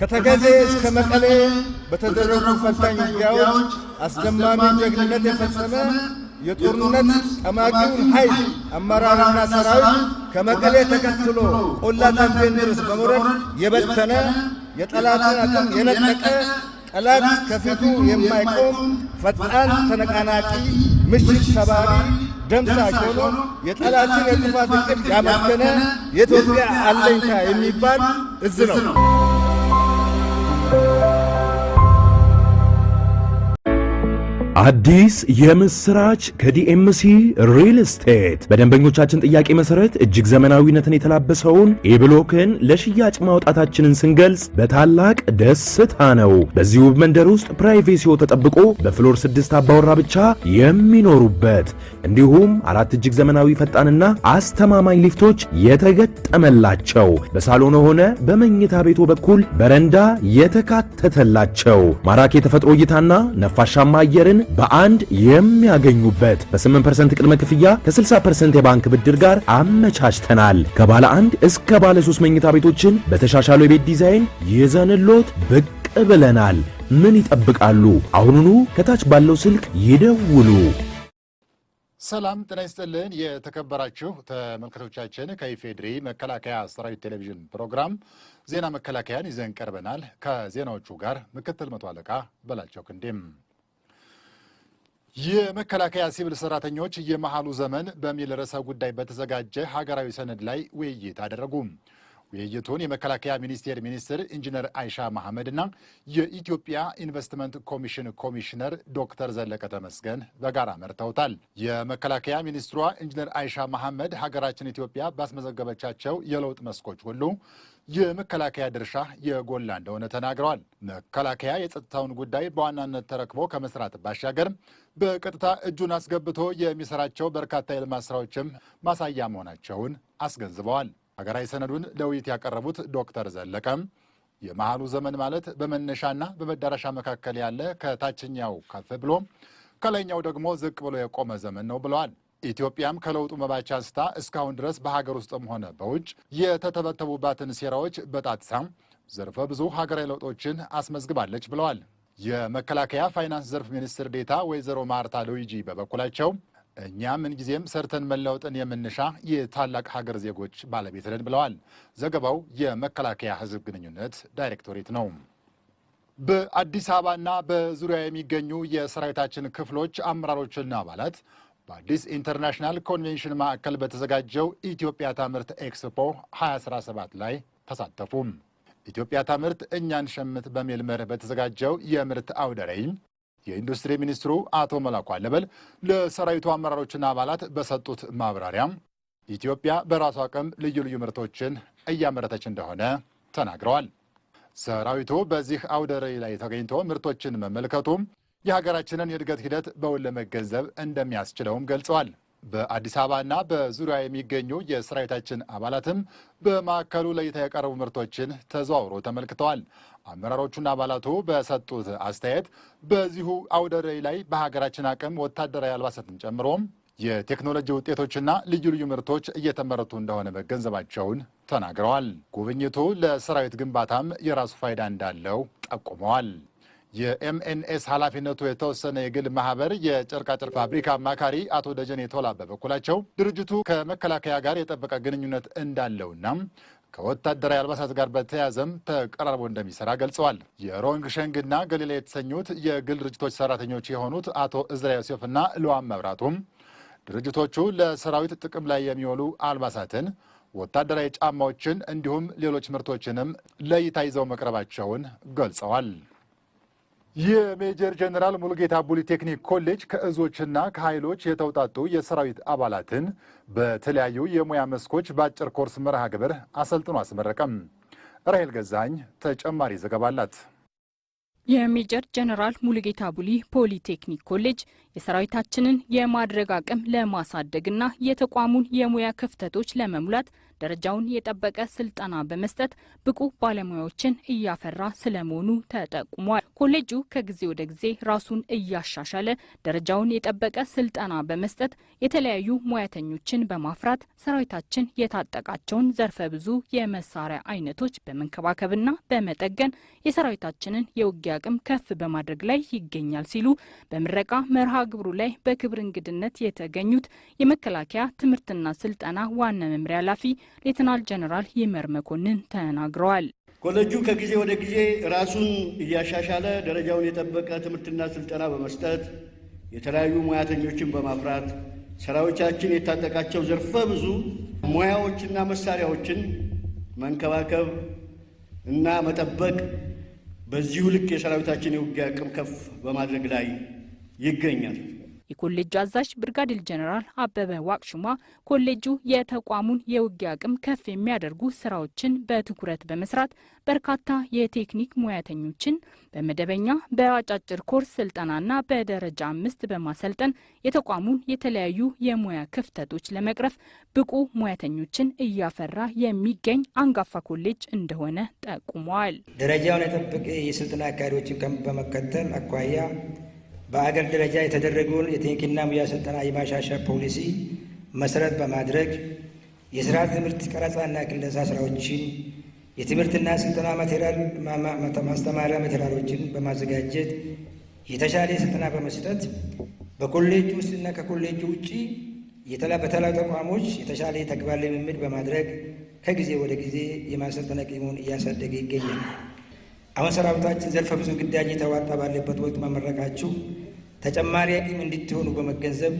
ከተከዜ እስከ መቀሌ በተደረጉ ፈታኝ ውጊያዎች አስደማሚ ጀግንነት የፈጸመ የጦርነት ጠማቂውን ኃይል አመራርና ሰራዊት ከመቀሌ ተከትሎ ቆላ ቤንድርስ ድረስ በመውረድ የበተነ የጠላትን አቅም የነጠቀ ጠላት ከፊቱ የማይቆም ፈጣን ተነቃናቂ ምሽግ ሰባሪ ደምሳሽ ሆኖ የጠላትን የጥፋት እቅድ ያመከነ የኢትዮጵያ አለኝታ የሚባል እዝ ነው። Thank you. አዲስ የምስራች ከዲኤምሲ ሪል ስቴት በደንበኞቻችን ጥያቄ መሰረት እጅግ ዘመናዊነትን የተላበሰውን ኤብሎክን ለሽያጭ ማውጣታችንን ስንገልጽ በታላቅ ደስታ ነው። በዚህ ውብ መንደር ውስጥ ፕራይቬሲዎ ተጠብቆ በፍሎር ስድስት አባወራ ብቻ የሚኖሩበት እንዲሁም አራት እጅግ ዘመናዊ ፈጣንና አስተማማኝ ሊፍቶች የተገጠመላቸው በሳሎን ሆነ በመኝታ ቤቶ በኩል በረንዳ የተካተተላቸው ማራኪ የተፈጥሮ እይታና ነፋሻማ አየርን በአንድ የሚያገኙበት በ8% ቅድመ ክፍያ ከ60% የባንክ ብድር ጋር አመቻችተናል። ከባለ አንድ እስከ ባለ 3 መኝታ ቤቶችን በተሻሻለ የቤት ዲዛይን ይዘንሎት ብቅ ብለናል። ምን ይጠብቃሉ? አሁኑኑ ከታች ባለው ስልክ ይደውሉ። ሰላም ጤና ይስጥልን። የተከበራችሁ ተመልካቾቻችን ከኢፌድሪ መከላከያ ሰራዊት ቴሌቪዥን ፕሮግራም ዜና መከላከያን ይዘን ቀርበናል። ከዜናዎቹ ጋር ምክትል መቶ አለቃ በላቸው ክንዴም የመከላከያ ሲቪል ሰራተኞች የመሃሉ ዘመን በሚል ርዕሰ ጉዳይ በተዘጋጀ ሀገራዊ ሰነድ ላይ ውይይት አደረጉ። ውይይቱን የመከላከያ ሚኒስቴር ሚኒስትር ኢንጂነር አይሻ መሐመድ እና የኢትዮጵያ ኢንቨስትመንት ኮሚሽን ኮሚሽነር ዶክተር ዘለቀ ተመስገን በጋራ መርተውታል። የመከላከያ ሚኒስትሯ ኢንጂነር አይሻ መሐመድ ሀገራችን ኢትዮጵያ ባስመዘገበቻቸው የለውጥ መስኮች ሁሉ የመከላከያ ድርሻ የጎላ እንደሆነ ተናግረዋል። መከላከያ የጸጥታውን ጉዳይ በዋናነት ተረክቦ ከመስራት ባሻገር በቀጥታ እጁን አስገብቶ የሚሰራቸው በርካታ የልማት ስራዎችም ማሳያ መሆናቸውን አስገንዝበዋል። ሀገራዊ ሰነዱን ለውይይት ያቀረቡት ዶክተር ዘለቀም የመሃሉ ዘመን ማለት በመነሻና በመዳረሻ መካከል ያለ ከታችኛው ከፍ ብሎ ከላይኛው ደግሞ ዝቅ ብሎ የቆመ ዘመን ነው ብለዋል። ኢትዮጵያም ከለውጡ መባቻ አንስታ እስካሁን ድረስ በሀገር ውስጥም ሆነ በውጭ የተተበተቡባትን ሴራዎች በጣጥሳ ዘርፈ ብዙ ሀገራዊ ለውጦችን አስመዝግባለች ብለዋል። የመከላከያ ፋይናንስ ዘርፍ ሚኒስትር ዴታ ወይዘሮ ማርታ ሉዊጂ በበኩላቸው እኛ ምንጊዜም ሰርተን መለወጥን የምንሻ የታላቅ ሀገር ዜጎች ባለቤት ነን ብለዋል። ዘገባው የመከላከያ ህዝብ ግንኙነት ዳይሬክቶሬት ነው። በአዲስ አበባና በዙሪያ የሚገኙ የሰራዊታችን ክፍሎች አመራሮችና አባላት በአዲስ ኢንተርናሽናል ኮንቬንሽን ማዕከል በተዘጋጀው ኢትዮጵያ ታምርት ኤክስፖ 2017 ላይ ተሳተፉ። ኢትዮጵያ ታምርት እኛን ሸምት በሚል መርህ በተዘጋጀው የምርት አውደ ርዕይ የኢንዱስትሪ ሚኒስትሩ አቶ መላኩ አለበል ለሰራዊቱ አመራሮችና አባላት በሰጡት ማብራሪያም ኢትዮጵያ በራሷ አቅም ልዩ ልዩ ምርቶችን እያመረተች እንደሆነ ተናግረዋል። ሰራዊቱ በዚህ አውደ ርዕይ ላይ ተገኝቶ ምርቶችን መመልከቱም የሀገራችንን የእድገት ሂደት በውን ለመገንዘብ እንደሚያስችለውም ገልጸዋል። በአዲስ አበባና በዙሪያ የሚገኙ የሰራዊታችን አባላትም በማዕከሉ ለእይታ የቀረቡ ምርቶችን ተዘዋውሮ ተመልክተዋል። አመራሮቹና አባላቱ በሰጡት አስተያየት በዚሁ አውደ ርዕይ ላይ በሀገራችን አቅም ወታደራዊ አልባሳትን ጨምሮም የቴክኖሎጂ ውጤቶችና ልዩ ልዩ ምርቶች እየተመረቱ እንደሆነ መገንዘባቸውን ተናግረዋል። ጉብኝቱ ለሰራዊት ግንባታም የራሱ ፋይዳ እንዳለው ጠቁመዋል። የኤምኤንኤስ ኃላፊነቱ የተወሰነ የግል ማህበር የጨርቃጨርቅ ፋብሪካ አማካሪ አቶ ደጀኔ ቶላ በበኩላቸው ድርጅቱ ከመከላከያ ጋር የጠበቀ ግንኙነት እንዳለውና ከወታደራዊ አልባሳት ጋር በተያያዘም ተቀራርቦ እንደሚሰራ ገልጸዋል። የሮንግ ሸንግና ገሊላ የተሰኙት የግል ድርጅቶች ሰራተኞች የሆኑት አቶ እዝራ ዮሴፍና ልዋም መብራቱም ድርጅቶቹ ለሰራዊት ጥቅም ላይ የሚውሉ አልባሳትን ወታደራዊ ጫማዎችን እንዲሁም ሌሎች ምርቶችንም ለይታ ይዘው መቅረባቸውን ገልጸዋል። የሜጀር ጀነራል ሙሉጌታ ቡሊ ቴክኒክ ኮሌጅ ከእዞችና ከኃይሎች የተውጣጡ የሰራዊት አባላትን በተለያዩ የሙያ መስኮች በአጭር ኮርስ መርሃ ግብር አሰልጥኖ አስመረቀም። ራሄል ገዛኝ ተጨማሪ ዘገባ አላት። የሜጀር ጀነራል ሙሉጌታ ቡሊ ፖሊቴክኒክ ኮሌጅ የሰራዊታችንን የማድረግ አቅም ለማሳደግና የተቋሙን የሙያ ክፍተቶች ለመሙላት ደረጃውን የጠበቀ ስልጠና በመስጠት ብቁ ባለሙያዎችን እያፈራ ስለመሆኑ ተጠቁሟል። ኮሌጁ ከጊዜ ወደ ጊዜ ራሱን እያሻሻለ ደረጃውን የጠበቀ ስልጠና በመስጠት የተለያዩ ሙያተኞችን በማፍራት ሰራዊታችን የታጠቃቸውን ዘርፈ ብዙ የመሳሪያ አይነቶች በመንከባከብና በመጠገን የሰራዊታችንን የውጊያ አቅም ከፍ በማድረግ ላይ ይገኛል ሲሉ በምረቃ መርሃ ግብሩ ላይ በክብር እንግድነት የተገኙት የመከላከያ ትምህርትና ስልጠና ዋና መምሪያ ኃላፊ ሌትናል ጀነራል ይመር መኮንን ተናግረዋል። ኮሌጁ ከጊዜ ወደ ጊዜ ራሱን እያሻሻለ ደረጃውን የጠበቀ ትምህርትና ስልጠና በመስጠት የተለያዩ ሙያተኞችን በማፍራት ሰራዊታችን የታጠቃቸው ዘርፈ ብዙ ሙያዎችና መሳሪያዎችን መንከባከብ እና መጠበቅ በዚሁ ልክ የሰራዊታችን የውጊያ አቅም ከፍ በማድረግ ላይ ይገኛል። የኮሌጁ አዛዥ ብርጋዴር ጀነራል አበበ ዋቅሹማ ኮሌጁ የተቋሙን የውጊያ አቅም ከፍ የሚያደርጉ ስራዎችን በትኩረት በመስራት በርካታ የቴክኒክ ሙያተኞችን በመደበኛ በአጫጭር ኮርስ ስልጠናና በደረጃ አምስት በማሰልጠን የተቋሙን የተለያዩ የሙያ ክፍተቶች ለመቅረፍ ብቁ ሙያተኞችን እያፈራ የሚገኝ አንጋፋ ኮሌጅ እንደሆነ ጠቁመዋል። ደረጃውን የጠበቀ የስልጠና አካሄዶችን በመከተል አኳያ በአገር ደረጃ የተደረገውን የቴክኒክና ሙያ ስልጠና የማሻሻል ፖሊሲ መሰረት በማድረግ የስራ ትምህርት ቀረጻና ክለሳ ስራዎችን፣ የትምህርትና ስልጠና ማቴሪያል ማስተማሪያ ማቴሪያሎችን በማዘጋጀት የተሻለ ስልጠና በመስጠት በኮሌጅ ውስጥና ከኮሌጅ ውጭ በተለያዩ ተቋሞች የተሻለ ተግባር ልምምድ በማድረግ ከጊዜ ወደ ጊዜ የማሰልጠና አቅሙን እያሳደገ ይገኛል። አሁን ሰራዊታችን ዘርፈ ብዙ ግዳጅ የተዋጣ ባለበት ወቅት መመረቃችሁ ተጨማሪ አቅም እንድትሆኑ በመገንዘብ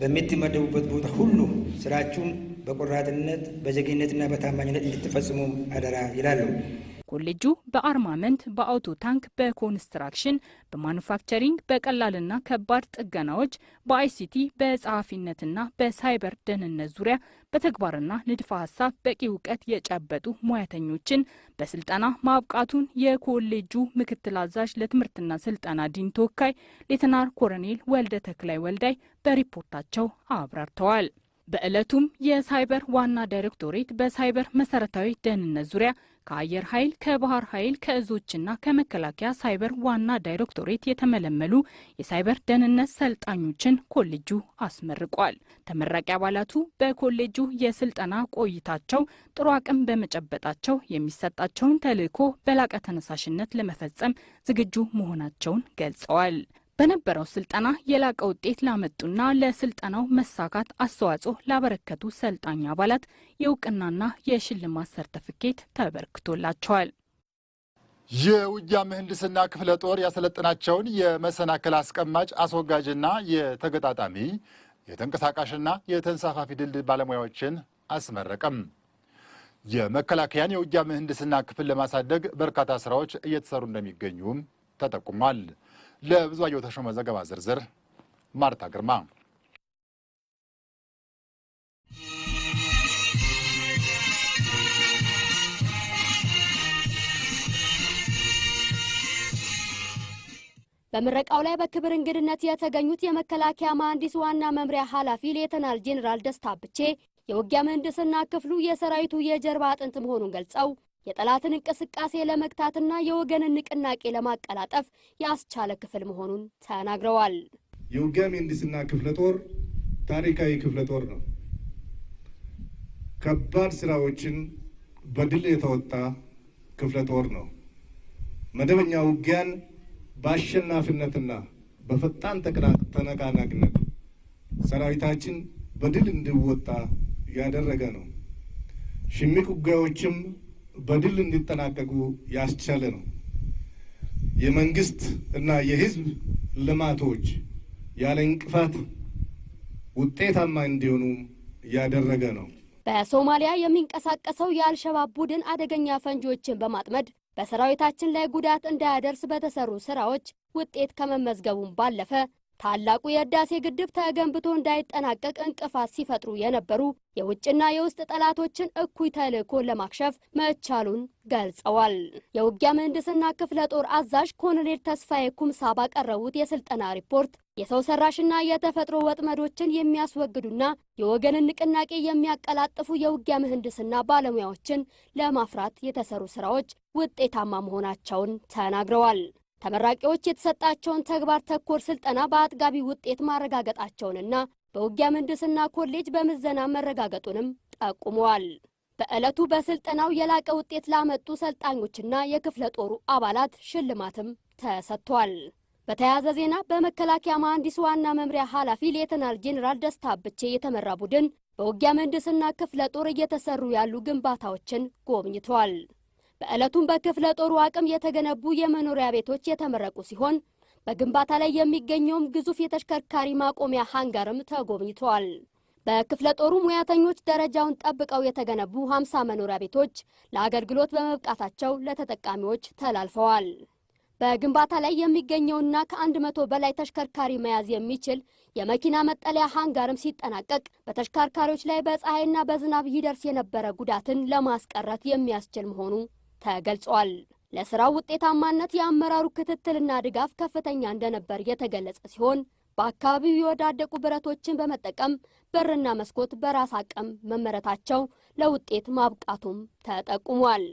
በምትመደቡበት ቦታ ሁሉ ስራችሁን በቆራጥነት በጀግነትና በታማኝነት እንድትፈጽሙ አደራ ይላለሁ። ኮሌጁ በአርማመንት፣ በአውቶ ታንክ፣ በኮንስትራክሽን፣ በማኑፋክቸሪንግ፣ በቀላልና ከባድ ጥገናዎች፣ በአይሲቲ፣ በጸሐፊነትና በሳይበር ደህንነት ዙሪያ በተግባርና ንድፈ ሀሳብ በቂ እውቀት የጨበጡ ሙያተኞችን በስልጠና ማብቃቱን የኮሌጁ ምክትል አዛዥ ለትምህርትና ስልጠና ዲን ተወካይ ሌተናር ኮሎኔል ወልደ ተክላይ ወልዳይ በሪፖርታቸው አብራርተዋል። በዕለቱም የሳይበር ዋና ዳይሬክቶሬት በሳይበር መሰረታዊ ደህንነት ዙሪያ ከአየር ኃይል፣ ከባህር ኃይል፣ ከእዞችና ከመከላከያ ሳይበር ዋና ዳይሬክቶሬት የተመለመሉ የሳይበር ደህንነት ሰልጣኞችን ኮሌጁ አስመርቋል። ተመራቂ አባላቱ በኮሌጁ የስልጠና ቆይታቸው ጥሩ አቅም በመጨበጣቸው የሚሰጣቸውን ተልዕኮ በላቀ ተነሳሽነት ለመፈጸም ዝግጁ መሆናቸውን ገልጸዋል። በነበረው ስልጠና የላቀ ውጤት ላመጡና ለስልጠናው መሳካት አስተዋጽኦ ላበረከቱ ሰልጣኝ አባላት የእውቅናና የሽልማት ሰርተፍኬት ተበርክቶላቸዋል። የውጊያ ምህንድስና ክፍለ ጦር ያሰለጠናቸውን የመሰናክል አስቀማጭ አስወጋጅና የተገጣጣሚ የተንቀሳቃሽና የተንሳፋፊ ድልድል ባለሙያዎችን አስመረቀም። የመከላከያን የውጊያ ምህንድስና ክፍል ለማሳደግ በርካታ ስራዎች እየተሰሩ እንደሚገኙም ተጠቁሟል። ለብዙአየሁ ተሾመ ዘገባ ዝርዝር ማርታ ግርማ። በምረቃው ላይ በክብር እንግድነት የተገኙት የመከላከያ መሐንዲስ ዋና መምሪያ ኃላፊ ሌተናል ጄኔራል ደስታ ብቼ የውጊያ ምህንድስና ክፍሉ የሰራዊቱ የጀርባ አጥንት መሆኑን ገልጸው የጠላትን እንቅስቃሴ ለመግታትና የወገንን ንቅናቄ ለማቀላጠፍ ያስቻለ ክፍል መሆኑን ተናግረዋል። የውጊያ ምህንድስና ክፍለ ጦር ታሪካዊ ክፍለ ጦር ነው። ከባድ ስራዎችን በድል የተወጣ ክፍለ ጦር ነው። መደበኛ ውጊያን በአሸናፊነትና በፈጣን ተነቃናቂነት ሰራዊታችን በድል እንዲወጣ ያደረገ ነው። ሽምቅ ውጊያዎችም በድል እንዲጠናቀቁ ያስቻለ ነው። የመንግስት እና የህዝብ ልማቶች ያለ እንቅፋት ውጤታማ እንዲሆኑ ያደረገ ነው። በሶማሊያ የሚንቀሳቀሰው የአልሸባብ ቡድን አደገኛ ፈንጂዎችን በማጥመድ በሰራዊታችን ላይ ጉዳት እንዳያደርስ በተሰሩ ስራዎች ውጤት ከመመዝገቡም ባለፈ ታላቁ የህዳሴ ግድብ ተገንብቶ እንዳይጠናቀቅ እንቅፋት ሲፈጥሩ የነበሩ የውጭና የውስጥ ጠላቶችን እኩይ ተልዕኮ ለማክሸፍ መቻሉን ገልጸዋል። የውጊያ ምህንድስና ክፍለ ጦር አዛዥ ኮሎኔል ተስፋዬ ኩምሳ ባቀረቡት የስልጠና ሪፖርት የሰው ሰራሽና የተፈጥሮ ወጥመዶችን የሚያስወግዱና የወገንን ንቅናቄ የሚያቀላጥፉ የውጊያ ምህንድስና ባለሙያዎችን ለማፍራት የተሰሩ ስራዎች ውጤታማ መሆናቸውን ተናግረዋል። ተመራቂዎች የተሰጣቸውን ተግባር ተኮር ስልጠና በአጥጋቢ ውጤት ማረጋገጣቸውንና በውጊያ ምህንድስና ኮሌጅ በምዘና መረጋገጡንም ጠቁመዋል። በዕለቱ በስልጠናው የላቀ ውጤት ላመጡ ሰልጣኞችና የክፍለ ጦሩ አባላት ሽልማትም ተሰጥቷል። በተያያዘ ዜና በመከላከያ መሐንዲስ ዋና መምሪያ ኃላፊ ሌተናል ጄኔራል ደስታ ብቼ የተመራ ቡድን በውጊያ ምህንድስና ክፍለ ጦር እየተሰሩ ያሉ ግንባታዎችን ጎብኝቷል። በዕለቱም በክፍለ ጦሩ አቅም የተገነቡ የመኖሪያ ቤቶች የተመረቁ ሲሆን በግንባታ ላይ የሚገኘውም ግዙፍ የተሽከርካሪ ማቆሚያ ሃንጋርም ተጎብኝቷል። በክፍለ ጦሩ ሙያተኞች ደረጃውን ጠብቀው የተገነቡ 50 መኖሪያ ቤቶች ለአገልግሎት በመብቃታቸው ለተጠቃሚዎች ተላልፈዋል። በግንባታ ላይ የሚገኘውና ከአንድ መቶ በላይ ተሽከርካሪ መያዝ የሚችል የመኪና መጠለያ ሃንጋርም ሲጠናቀቅ በተሽከርካሪዎች ላይ በፀሐይና በዝናብ ይደርስ የነበረ ጉዳትን ለማስቀረት የሚያስችል መሆኑ ተገልጿል። ለስራው ውጤታማነት የአመራሩ ክትትልና ድጋፍ ከፍተኛ እንደነበር የተገለጸ ሲሆን በአካባቢው የወዳደቁ ብረቶችን በመጠቀም በርና መስኮት በራስ አቅም መመረታቸው ለውጤት ማብቃቱም ተጠቁሟል።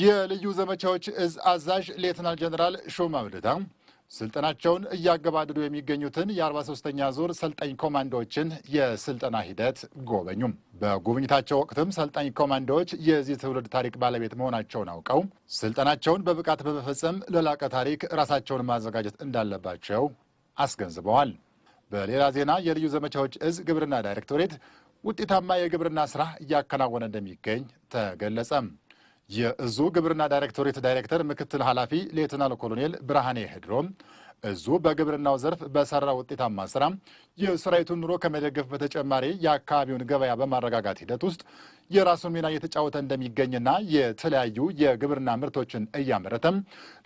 የልዩ ዘመቻዎች እዝ አዛዥ ሌትናል ጀነራል ሾማ ምድታ ስልጠናቸውን እያገባደዱ የሚገኙትን የ43ኛ ዙር ሰልጣኝ ኮማንዶዎችን የስልጠና ሂደት ጎበኙም። በጉብኝታቸው ወቅትም ሰልጣኝ ኮማንዶዎች የዚህ ትውልድ ታሪክ ባለቤት መሆናቸውን አውቀው ስልጠናቸውን በብቃት በመፈጸም ለላቀ ታሪክ ራሳቸውን ማዘጋጀት እንዳለባቸው አስገንዝበዋል። በሌላ ዜና የልዩ ዘመቻዎች እዝ ግብርና ዳይሬክቶሬት ውጤታማ የግብርና ስራ እያከናወነ እንደሚገኝ ተገለጸም። የእዙ ግብርና ዳይሬክቶሬት ዳይሬክተር ምክትል ኃላፊ ሌትናል ኮሎኔል ብርሃኔ ሄድሮ እዙ በግብርናው ዘርፍ በሰራ ውጤታማ ስራ የሰራዊቱን ኑሮ ከመደገፍ በተጨማሪ የአካባቢውን ገበያ በማረጋጋት ሂደት ውስጥ የራሱን ሚና እየተጫወተ እንደሚገኝና የተለያዩ የግብርና ምርቶችን እያመረተም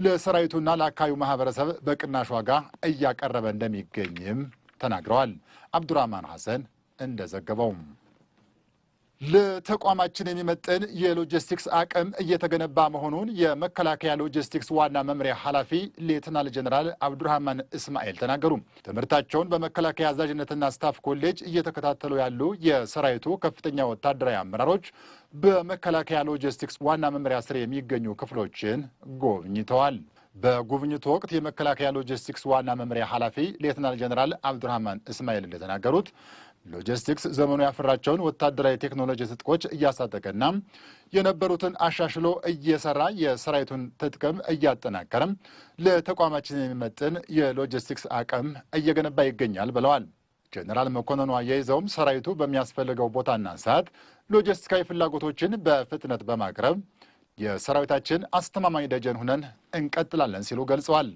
ለሰራዊቱና ለአካባቢው ማህበረሰብ በቅናሽ ዋጋ እያቀረበ እንደሚገኝም ተናግረዋል። አብዱራህማን ሐሰን እንደዘገበውም ለተቋማችን የሚመጥን የሎጂስቲክስ አቅም እየተገነባ መሆኑን የመከላከያ ሎጂስቲክስ ዋና መምሪያ ኃላፊ ሌትናል ጀኔራል አብዱርሃማን እስማኤል ተናገሩ። ትምህርታቸውን በመከላከያ አዛዥነትና ስታፍ ኮሌጅ እየተከታተሉ ያሉ የሰራዊቱ ከፍተኛ ወታደራዊ አመራሮች በመከላከያ ሎጂስቲክስ ዋና መምሪያ ስር የሚገኙ ክፍሎችን ጎብኝተዋል። በጉብኝቱ ወቅት የመከላከያ ሎጂስቲክስ ዋና መምሪያ ኃላፊ ሌተናል ጀኔራል አብዱርሃማን እስማኤል እንደተናገሩት ሎጂስቲክስ ዘመኑ ያፈራቸውን ወታደራዊ ቴክኖሎጂ ትጥቆች እያሳጠቀና የነበሩትን አሻሽሎ እየሰራ የሰራዊቱን ትጥቅም እያጠናከረም ለተቋማችን የሚመጥን የሎጂስቲክስ አቅም እየገነባ ይገኛል ብለዋል። ጀኔራል መኮንኑ አያይዘውም ሰራዊቱ በሚያስፈልገው ቦታና ሰዓት ሎጂስቲካዊ ፍላጎቶችን በፍጥነት በማቅረብ የሰራዊታችን አስተማማኝ ደጀን ሁነን እንቀጥላለን ሲሉ ገልጸዋል።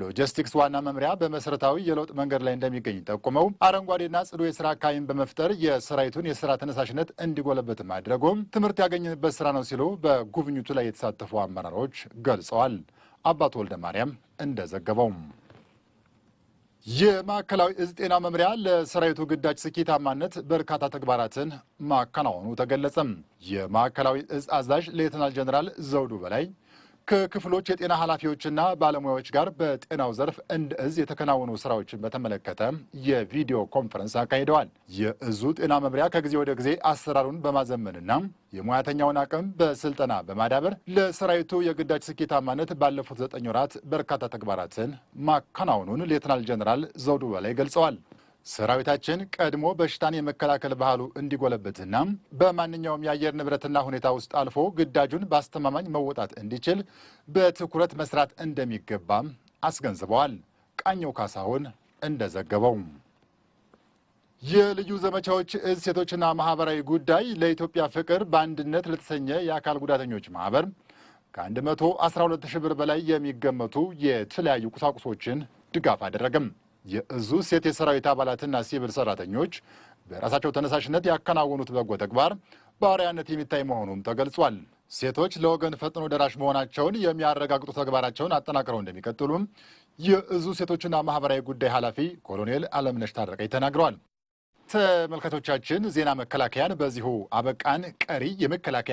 ሎጂስቲክስ ዋና መምሪያ በመሰረታዊ የለውጥ መንገድ ላይ እንደሚገኝ ጠቁመው አረንጓዴና ጽዱ የስራ አካባቢን በመፍጠር የሰራዊቱን የስራ ተነሳሽነት እንዲጎለበት ማድረጉም ትምህርት ያገኘንበት ስራ ነው ሲሉ በጉብኝቱ ላይ የተሳተፉ አመራሮች ገልጸዋል። አባቱ ወልደ ማርያም እንደዘገበው። የማዕከላዊ እዝ ጤና መምሪያ ለሰራዊቱ ግዳጅ ስኬታማነት በርካታ ተግባራትን ማከናወኑ ተገለጸም። የማዕከላዊ እዝ አዛዥ ሌተናል ጀኔራል ዘውዱ በላይ ከክፍሎች የጤና ኃላፊዎችና ባለሙያዎች ጋር በጤናው ዘርፍ እንደ እዝ የተከናወኑ ስራዎችን በተመለከተ የቪዲዮ ኮንፈረንስ አካሂደዋል። የእዙ ጤና መምሪያ ከጊዜ ወደ ጊዜ አሰራሩን በማዘመንና የሙያተኛውን አቅም በስልጠና በማዳበር ለሰራዊቱ የግዳጅ ስኬታማነት ባለፉት ዘጠኝ ወራት በርካታ ተግባራትን ማከናወኑን ሌትናል ጀኔራል ዘውዱ በላይ ገልጸዋል። ሰራዊታችን ቀድሞ በሽታን የመከላከል ባህሉ እንዲጎለበትና በማንኛውም የአየር ንብረትና ሁኔታ ውስጥ አልፎ ግዳጁን በአስተማማኝ መወጣት እንዲችል በትኩረት መስራት እንደሚገባም አስገንዝበዋል። ቃኘው ካሳሁን እንደዘገበው የልዩ ዘመቻዎች እዝ ሴቶችና ማህበራዊ ጉዳይ ለኢትዮጵያ ፍቅር በአንድነት ለተሰኘ የአካል ጉዳተኞች ማህበር ከ112 ሺህ ብር በላይ የሚገመቱ የተለያዩ ቁሳቁሶችን ድጋፍ አደረግም። የእዙ ሴት የሰራዊት አባላትና ሲቪል ሰራተኞች በራሳቸው ተነሳሽነት ያከናወኑት በጎ ተግባር በአርአያነት የሚታይ መሆኑም ተገልጿል። ሴቶች ለወገን ፈጥኖ ደራሽ መሆናቸውን የሚያረጋግጡ ተግባራቸውን አጠናክረው እንደሚቀጥሉም የእዙ ሴቶችና ማህበራዊ ጉዳይ ኃላፊ ኮሎኔል አለምነሽ ታረቀኝ ተናግረዋል። ተመልካቾቻችን ዜና መከላከያን በዚሁ አበቃን። ቀሪ የመከላከያ